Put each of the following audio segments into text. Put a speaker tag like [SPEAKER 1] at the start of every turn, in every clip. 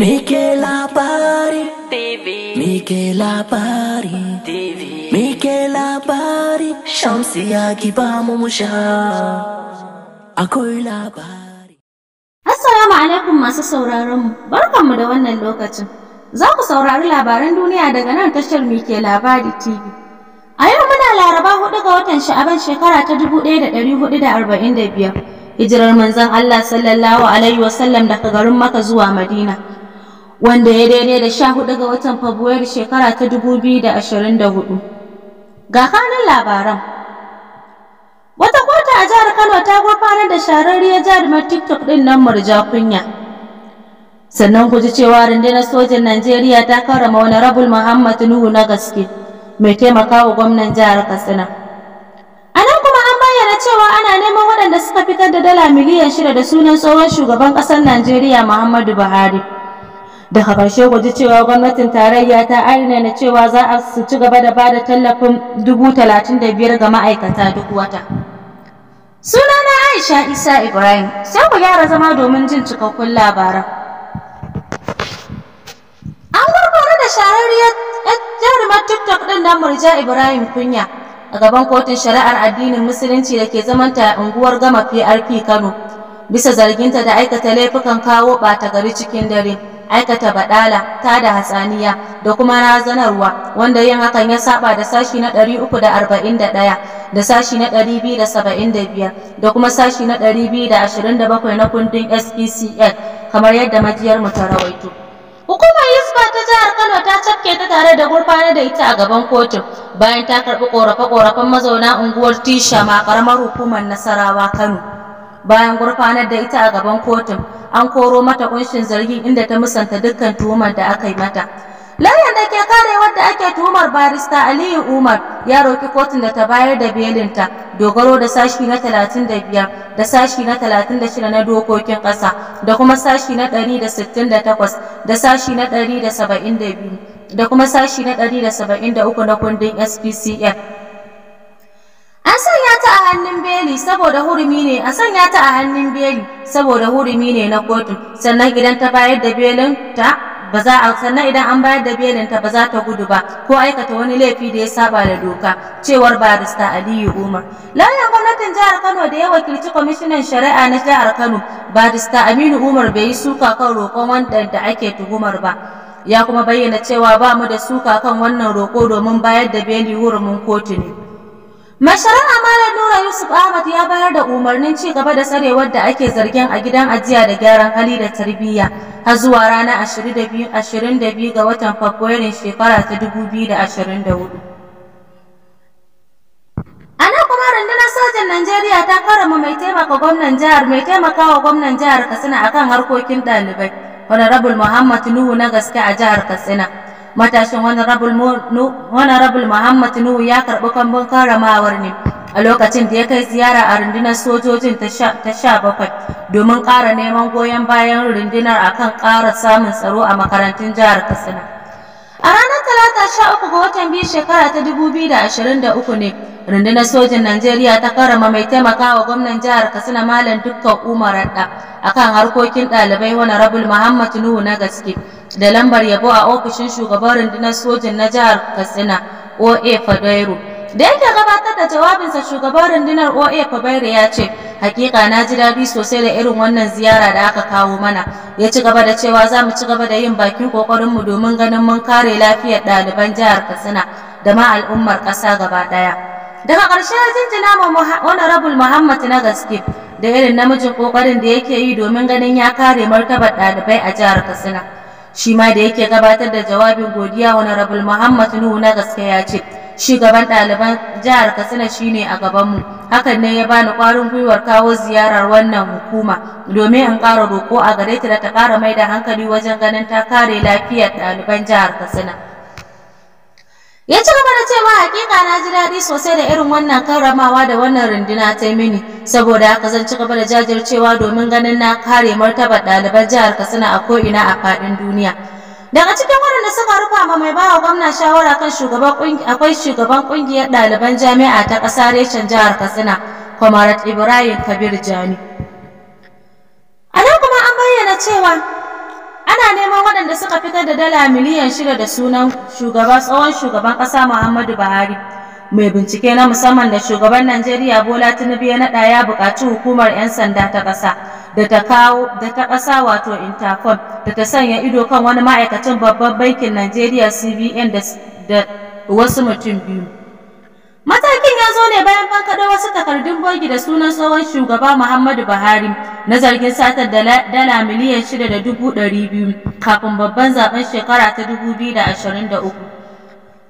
[SPEAKER 1] Mike labari TV Mike labari TV Mike labari Shamsi ya kiba mu musha Akwai labari Assalamu alaikum masu sauraron mu barkanmu da wannan lokacin Za ku saurari labaran duniya daga nan tashar Mike labari TV A yau muna laraba hudu ga watan sha'aban shekara ta 1445 Hijirar manzon Allah sallallahu alaihi wasallam daga garin Makka zuwa Madina wanda ya daidai da sha hudu ga watan Fabrairu shekara ta dubu biyu da ashirin da hudu. Ga kanan labaran. Wata kota a jihar Kano ta gurfanar da shararriyar jarumar TikTok ɗin nan murja Sannan ku ji cewa rundunar sojin Najeriya ta karrama wani rabul Muhammad Nuhu na gaske mai taimakawa gwamnan jihar Katsina. A nan kuma an bayyana cewa ana neman waɗanda suka fitar da dala miliyan shida da sunan tsohon shugaban ƙasar Najeriya Muhammadu Buhari. daga ƙarshe guji cewa gwamnatin tarayya ta na cewa za a su ci gaba da bada tallafin dubu talatin da biyar ga ma'aikata duk wata sunana aisha isa ibrahim sai ku gyara zama domin jin cikakkun labaran an gurgura da shahararriyar jarumar tiktok ɗin na murja ibrahim kunya a gaban kotun shari'ar addinin musulunci da ke zamanta a unguwar gama prp kano bisa zarginta da aikata laifukan kawo ɓata gari cikin dare aikata badala ta da hatsaniya da kuma razanarwa wanda yin hakan ya saba da sashi na 341 da sashi na 275 da kuma sashi na 227 na kundin SPCL e kamar yadda majiyar mu ta rawaito Hukumar Yusuf ta jihar Kano ta cafke ta tare da gurfana da ita a gaban kotun bayan ta karɓi ƙorafe-ƙorafen mazauna unguwar Tisha ma ƙaramar hukumar Nasarawa Kano. Bayan gurfanar da ita a gaban kotun, an koro mata kunshin zargin inda ta musanta dukkan tuhumar da aka yi mata lauyan da ke kare wadda ake tuhumar barista aliyu umar ya roki kotun da ta bayar da belinta dogaro da sashi na 35 da sashi na 36 na dokokin ƙasa da kuma sashi na 168 da sashi na 172 da kuma sashi na 173 na kundin spcf An sanya ta a hannun beli saboda hurumi ne, an sanya ta a hannun beli saboda hurumi ne na kotu. Sannan idan ta bayar da belin ta ba za a sannan idan an bayar da belin ta ba za ta gudu ba ko aikata wani laifi da ya saba da doka cewar barista Aliyu Umar. Lauyan gwamnatin jihar Kano da ya wakilci kwamishinan shari'a na jihar Kano barista Aminu Umar bai yi suka kan roƙon wanda da ake tuhumar ba. Ya kuma bayyana cewa ba mu da suka kan wannan roƙo domin bayar da beli hurumin kotu ne. masharan Amala Nura Yusuf Ahmad ya bayar da umarnin ci gaba da sarewar da ake zargin a gidan ajiya da gyaran hali da tarbiyya har zuwa ranar 22 ga watan fabrairu shekara ta 2024. kuma rundunar sojan Najeriya ta karama mai taimaka gwamnan jihar mai taimakawa gwamnan jihar Katsina akan harkokin ɗalibai. Honorable Muhammad Nuhu na gaske a jihar Katsina. matashin wani rabul muhammad nuhu ya karbi kambun karramawar ne a lokacin da ya kai ziyara a rundunar sojojin ta sha bakwai domin ƙara neman goyon bayan rundunar akan ƙara samun tsaro a makarantun jihar katsina a ranar talata sha uku ga watan biyu shekara ta dubu biyu da ashirin da uku ne rundunar sojin najeriya ta karama mai taimaka wa gwamnan jihar katsina malam dukkan umar akan harkokin ɗalibai wani rabul muhammad nuhu na gaske da lambar yabo a ofishin shugaban rundunar sojin na jihar Katsina OA Fadairu. Da yake gabatar da jawabinsa shugaban rundunar OA Fadairu ya ce, "Hakika na ji daɗi sosai da irin wannan ziyara da aka kawo mana." Ya ci gaba da cewa za mu ci gaba da yin bakin ƙoƙarinmu domin ganin mun kare lafiyar ɗaliban jihar Katsina da ma al'ummar ƙasa gaba ɗaya. Daga ƙarshe ya jinjina ma Honorable Muhammad na gaske da irin namijin ƙoƙarin da yake yi domin ganin ya kare martabar ɗalibai a jihar Katsina. shi ma da yake gabatar da jawabin godiya narabul muhammad nuhu na gaske ya ce gaban ɗaliban jihar katsina shine a gabanmu hakan ne ya bani ƙwarin gwiwar kawo ziyarar wannan hukuma domin in ƙara roko a gare da ta ƙara mai da hankali wajen ganin ta kare lafiyar ɗaliban jihar katsina ya ci gaba da cewa hakika na ji daɗi sosai da irin wannan karramawa da wannan runduna ta mini saboda haka zan ci gaba da jajircewa domin ganin na kare martabar ɗaliban jihar katsina a ko'ina a faɗin duniya daga cikin waɗanda suka rufa ma mai bawa gwamna shawara kan shugaban akwai shugaban ƙungiyar ɗaliban jami'a ta ƙasa reshen jihar katsina kwamarat ibrahim kabir jani a nan kuma an bayyana cewa ana neman waɗanda suka fitar da dala miliyan shida da sunan shugaba tsohon shugaban ƙasa muhammadu buhari mai bincike na musamman da shugaban najeriya bola tinubu ya naɗa ya buƙaci hukumar 'yan sanda ta ƙasa da ta kawo da ta ƙasa wato interpol da ta sanya ido kan wani ma'aikacin babban bankin najeriya cbn da wasu mutum biyu Matakin ya zo ne bayan bankaɗo wasu takardun bogi da sunan tsohon shugaba Muhammadu Buhari na zargin satar dala miliyan shida da dubu ɗari biyu kafin babban zaben shekara ta dubu biyu da ashirin da uku.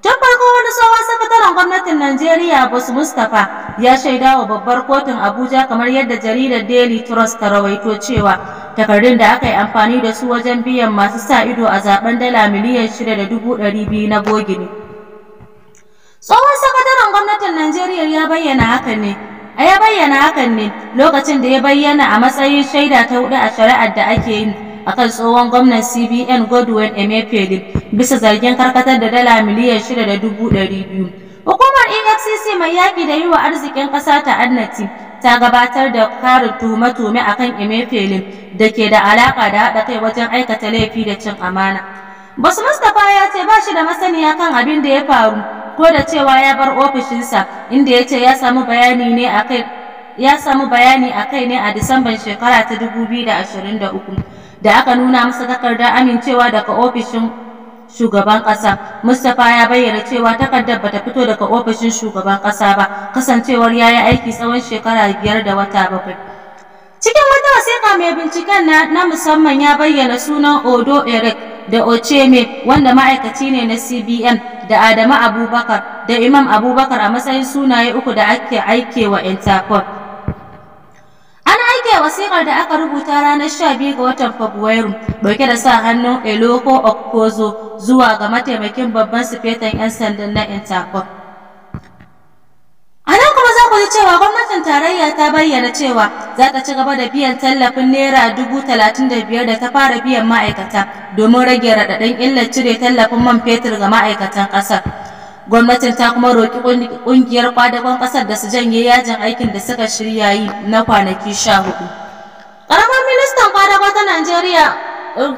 [SPEAKER 1] Tun farko wani tsohon sakataren gwamnatin Najeriya Bus Mustapha ya shaida wa babbar kotun Abuja kamar yadda jaridar Daily Trust ta rawaito cewa takardun da aka yi amfani da su wajen biyan masu sa ido a zaben dala miliyan shida da dubu ɗari biyu na bogi ne. Tsohon sakataren gwamnatin Najeriya ya bayyana hakan ne. A ya bayyana hakan ne lokacin da ya bayyana a matsayin shaida ta hudu a shari'ar da ake yi akan tsohon gwamnan CBN Godwin Emefiele bisa zargin karkatar da dala miliyan shida da dubu ɗari biyu. Hukumar EFCC mai yaƙi da yi wa arzikin ƙasa ta annati ta gabatar da karin tuma-tume tuhume kan Emefiele da ke da alaƙa da haɗa kai wajen aikata laifi da cin amana. Basu Mustapha ya ce ba shi da masaniya kan abin da ya faru ko da cewa ya bar ofishinsa inda ya ce ya samu bayani ne a kai ya samu bayani a kai ne a Disamban shekara ta 2023 da aka nuna masa takardar amincewa daga ofishin shugaban ƙasa. Mustapha ya bayyana cewa takardar bata fito daga ofishin shugaban ƙasa ba, kasancewar ya yi aiki tsawon shekara biyar da wata bakwai. Cikin wata wasiƙa mai binciken na, na musamman ya bayyana sunan Odo Eric da Ocheme wanda ma'aikaci ne na CBN da Adamu Abubakar da Imam Abubakar a matsayin sunaye uku da ake wa intercom. An aike wasikar da aka rubuta ranar 12 ga watan Fabrairu dauke da sa hannun Eloko Okpozo zuwa ga mataimakin babban sifetan 'yan sandan na intercom. A nan kuma za ku ji cewa gwamnatin tarayya ta bayyana cewa za ta ci gaba da biyan tallafin naira dubu talatin da biyar da ta fara biyan ma'aikata domin rage raɗaɗin illar cire tallafin man fetur ga ma'aikatan ƙasar. Gwamnatin ta kuma roƙi ƙungiyar kwadagon ƙasar da su janye yajin aikin da suka shirya yi na kwanaki sha hudu. Ƙaramar ministan kwadago ta Najeriya um,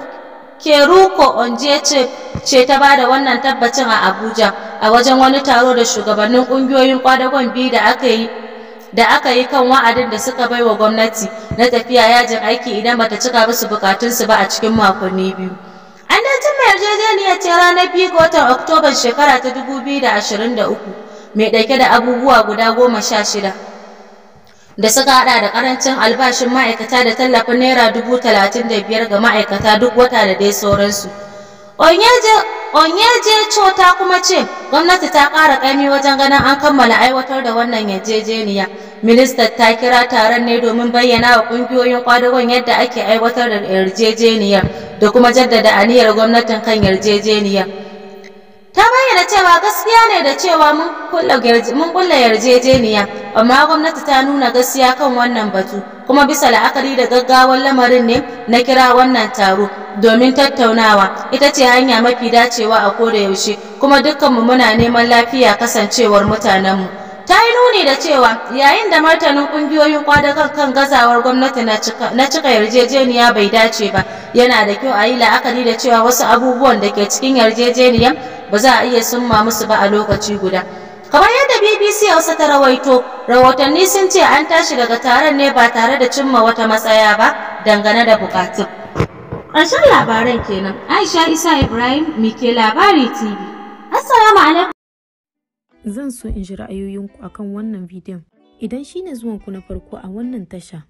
[SPEAKER 1] Keruko Onje ce ta ba da wannan tabbacin a Abuja a wajen wani taro da shugabannin ƙungiyoyin kwadagon biyu da aka yi da aka yi kan wa'adin da suka bai wa gwamnati na tafiya yajin aiki idan bata cika musu bukatunsu ba a cikin makonni biyu. An dai cimma yarjejeniyar ce ranar biyu ga watan Oktoban shekara ta uku, mai ɗauke da abubuwa guda goma sha shida. Da suka haɗa da ƙarancin albashin ma'aikata da tallafin naira dubu talatin da biyar ga ma'aikata duk wata da dai sauransu. Onyejechor ta kuma ce gwamnati ta kara ƙaimi wajen ganin an kammala aiwatar da wannan yarjejeniya. Ministan ta kira taron ne domin bayyana wa ƙungiyoyin ƙwadagon yadda ake aiwatar da yarjejeniyar da kuma jaddada aniyar gwamnatin kan yarjejeniyar. Ta bayyana cewa gaskiya ne da cewa mun kulla yarjejeniya, amma gwamnati ta nuna gaskiya kan wannan batu, kuma bisa la'akari da gaggawan lamarin ne na kira wannan taro. domin tattaunawa ita ce hanya mafi dacewa a koda yaushe kuma dukkanmu muna neman lafiya kasancewar mutanenmu ta yi nuni da cewa yayin da martanin kungiyoyin kwadakan kan gazawar gwamnati na cika yarjejeniya bai dace ba yana da kyau a yi la'akari da cewa wasu abubuwan da ke cikin yarjejeniyan ba za a iya summa musu ba a lokaci guda kamar yadda bbc hausa ta rawaito rahotanni sun ce an tashi daga taron ne ba tare da cimma wata matsaya ba dangane da bukatun Ƙarshen labaran kenan. Aisha Isa Ibrahim Mike Labari TV. Assalamu alaikum. Zan so in ji ra'ayoyinku akan wannan bidiyon. Idan shi ne zuwanku na farko a wannan tasha,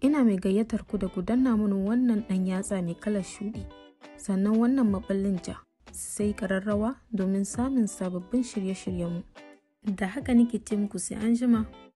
[SPEAKER 1] ina mai gayyatar ku da ku danna mini wannan ɗan yatsa mai kalar shuɗi, sannan wannan maɓallin ja, sai ƙararrawa domin samun sababbin shirye-shiryenmu. Da haka nake ce muku sai an jima.